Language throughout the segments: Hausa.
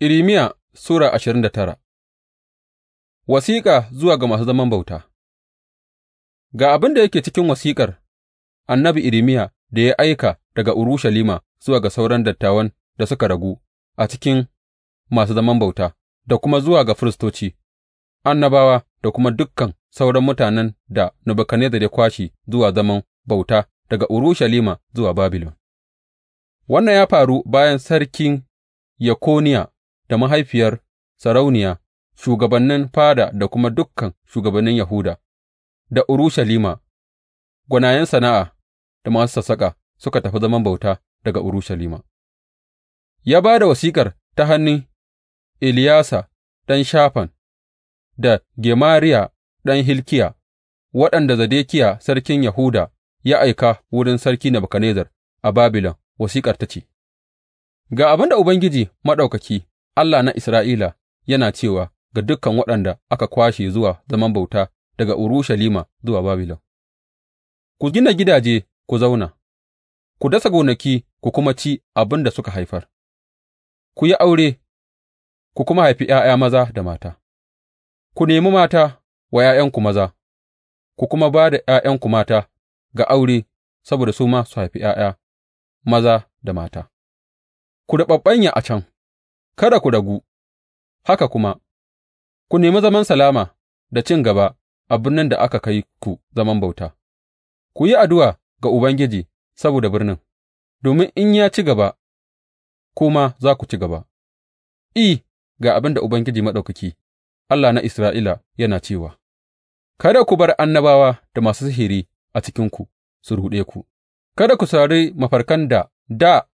Irimiya, Sura ashirin da tara Wasiƙa zuwa ga masu zaman bauta Ga abin da yake cikin wasiƙar annabi irimiya da ya aika daga Urushalima zuwa ga sauran dattawan da suka ragu a cikin masu zaman bauta da kuma zuwa ga firistoci, annabawa da kuma dukkan sauran mutanen da Nebuchadnezzar ya kwashe zuwa zaman bauta daga Urushalima zuwa Babilon. Wannan ya faru bayan Sarkin Yakoniya. da mahaifiyar sarauniya, shugabannin fada da kuma dukan shugabannin Yahuda da Urushalima, gwanayen sana'a da masu sassaƙa suka tafi zaman bauta daga Urushalima. Ya ba da wasiƙar ta hannun Iliyasa ɗan Shafan da Gemariya ɗan Hilkiya, waɗanda zadekiya sarkin Yahuda ya aika wurin sarki Nebukadnezzar a Babilon, wasiƙar ta ce, Ga abin da Ubangiji Maɗaukaki. Allah na Isra'ila, yana cewa ga dukan waɗanda aka kwashe zuwa zaman bauta daga Urushalima zuwa Babilon, Ku gina gidaje ku zauna, ku dasa gonaki ku kuma ci abin da suka haifar, ku yi aure ku kuma haifi ’ya'ya maza da mata, ku nemi mata wa ’ya'yanku maza, ku kuma ba da ’ya'yanku mata ga aure saboda su ma su haifi ’ya'ya maza da mata, ku riɓaɓɓanya a can. Kada ku ragu, haka kuma ku nemi zaman salama da cin gaba a birnin da aka kai ku zaman bauta; ku yi addu'a ga Ubangiji saboda birnin, domin in ya ci gaba, ku za ku ci gaba, I, ga abin da Ubangiji Maɗaukaki, Allah na Isra'ila, yana cewa, Kada ku bar annabawa da masu sihiri a cikinku su ruɗe ku, kada ku saurari mafarkan da da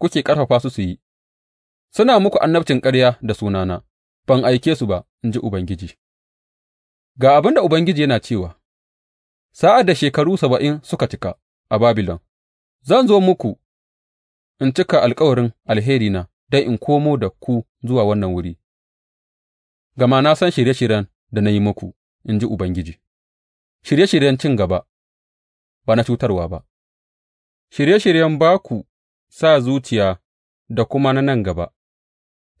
kuke ƙarfafa su su yi. Suna muku annabcin ƙarya da sunana, ban aike su ba, in ji Ubangiji. Ga abin da Ubangiji yana cewa, Sa'ad da shekaru saba'in suka cika a Babilon, zan zo muku in cika alkawarin alherina don in komo da ku zuwa wannan wuri, gama na san shirye-shiryen da na yi muku, in ji Ubangiji, shirye-shiryen cin gaba, ba na cutarwa ba, shirye-shiryen ba ku sa zuciya da kuma na nan gaba,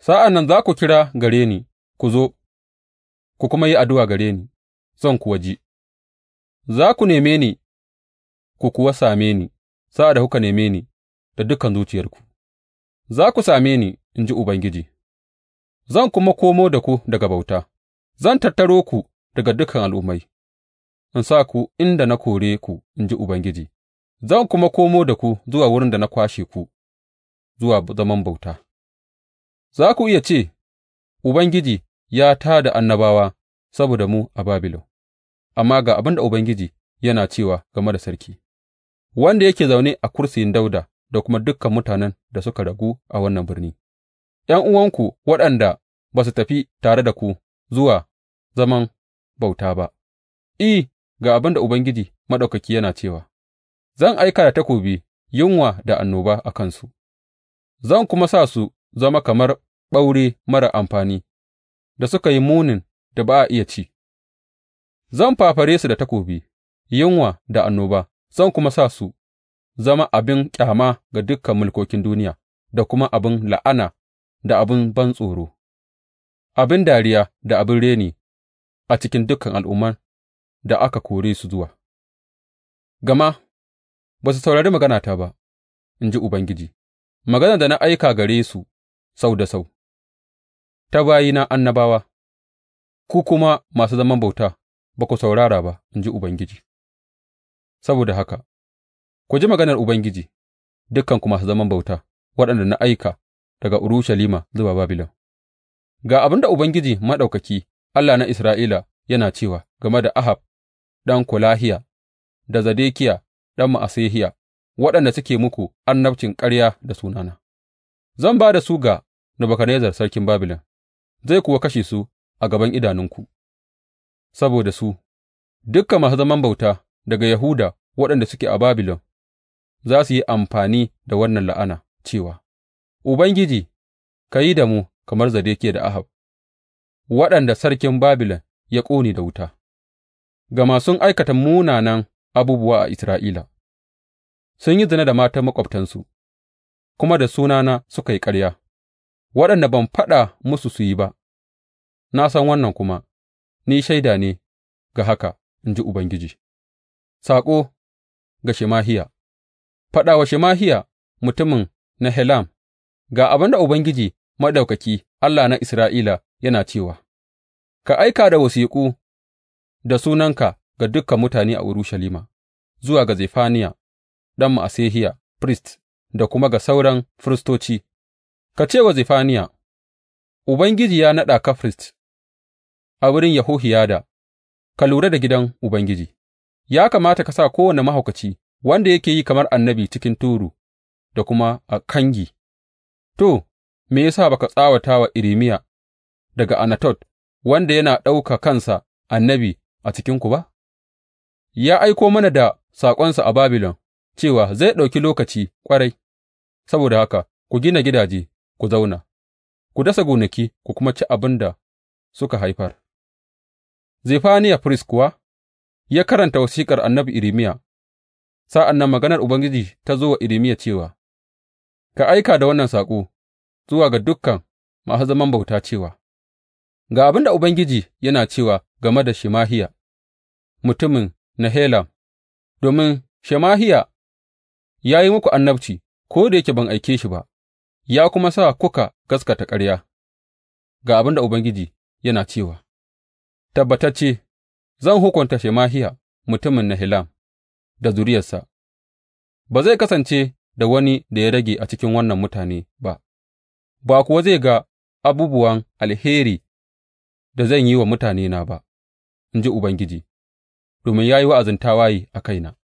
Sa'an nan za ku kira gare ni ku zo ku kuma yi addu'a gare ni, zan kuwa ji; za ku neme ni ku kuwa same ni sa'ad da kuka neme ni da dukan zuciyarku, za ku same ni, in ji Ubangiji, zan kuma komo da ku daga bauta; zan tattaro ku daga dukan al'ummai in sa ku inda na kore ku, in ji Ubangiji, zan kuma komo da ku zuwa wurin da na kwashe ku zuwa zaman bauta. Za ku iya ce, Ubangiji ya tā da annabawa saboda mu a Babilon,’ amma ga abin da Ubangiji yana cewa game da sarki, wanda yake zaune a kursiyin Dauda da kuma dukan mutanen da suka ragu a wannan birni, ’yan'uwanku waɗanda ba su tafi tare da ku zuwa zaman bauta ba, I, ga abin da Ubangiji Maɗaukaki yana cewa, Zan aika da takobi, yunwa da annoba a kansu, zan kuma sa su zama kamar ɓaure marar amfani da suka yi munin da ba a iya ci; zan fafare su da takobi, yunwa da annoba, zan kuma sa su zama abin ƙyama ga dukan mulkokin duniya da kuma abin la'ana da abin bantsoro, abin dariya da abin reni a cikin dukan al'umman da aka kore su zuwa, gama ba su saurari maganata ba, in ji Ubangiji, maganar da na aika gare su. sau da sau ta bayina annabawa, ku kuma masu zaman bauta ba ku saurara ba, in ji Ubangiji; saboda haka ku ji maganar Ubangiji, dukanku masu zaman bauta waɗanda na aika daga Urushalima zuwa Babilon. Ga abin da Ubangiji Maɗaukaki, Allah na Isra'ila, yana cewa game da Ahab ɗan Kolahiya da Zadekiya, ɗan Ma'asehiya, waɗanda suke muku annabcin ƙarya da sunana, zan ba da su ga Nebukadnezzar sarkin Babilon, zai kuwa kashe su a gaban idanunku saboda su, dukan masu zaman bauta daga Yahuda waɗanda suke a Babilon za su yi amfani da wannan la'ana cewa, Ubangiji, ka yi da mu kamar zadeke da Ahab, waɗanda sarkin Babilon ya ƙone da wuta, gama sun aikata munanan abubuwa a Isra'ila, sun yi zina da matan maƙwabtansu, kuma da sunana suka yi ƙarya. waɗanda ban faɗa musu su yi ba, na san wannan kuma, ni shaida ne ga haka, in ji Ubangiji. Saƙo ga Shemahiya Faɗa wa Shemahiya mutumin Nehelam, ga abin da Ubangiji Maɗaukaki, Allah na Isra'ila, yana cewa, Ka aika da wasiƙu da sunanka ga dukan mutane a Urushalima, zuwa ga Zefaniya, ɗan Ma'asehiya, firist, da kuma ga sauran firistoci Ka ce wa Zefaniya, Ubangiji ya naɗa ka firist a wurin Yehohiyada, ka lura da gidan Ubangiji, ya kamata ka sa kowane mahaukaci wanda yake yi kamar annabi cikin turu da kuma a kangi, to, me ya sa ba ka tsawata wa Irimiya daga Anatot, wanda yana ɗauka kansa annabi a cikinku ba? Ya aiko mana da saƙonsa a Babilon cewa zai ɗauki lokaci ƙwarai, saboda haka ku gina gidaje. ku zauna, ku dasa gonaki ku kuma ci abin da suka haifar. Zefaniya firist kuwa ya karanta wasiƙar annabi Irimiya sa'an nan maganar Ubangiji ta zo wa Irimiya cewa, Ka aika da wannan saƙo zuwa ga dukkan masu zaman bauta cewa, Ga abin da Ubangiji yana cewa game da Shemahiya, mutumin na helan, domin Shemahiya ya yi muku annabci, ko da yake ban aike shi ba. ya kuma sa kuka gaskata ƙarya, ga abin da Ubangiji yana cewa, Tabbatacce, zan hukunta Shemahiya mutumin Nahilam da zuriyarsa, ba zai kasance da wani da ya rage a cikin wannan mutane ba, ba kuwa zai ga abubuwan alheri da zan yi wa mutanena ba, in ji Ubangiji, domin ya yi wa'azin tawaye a kaina.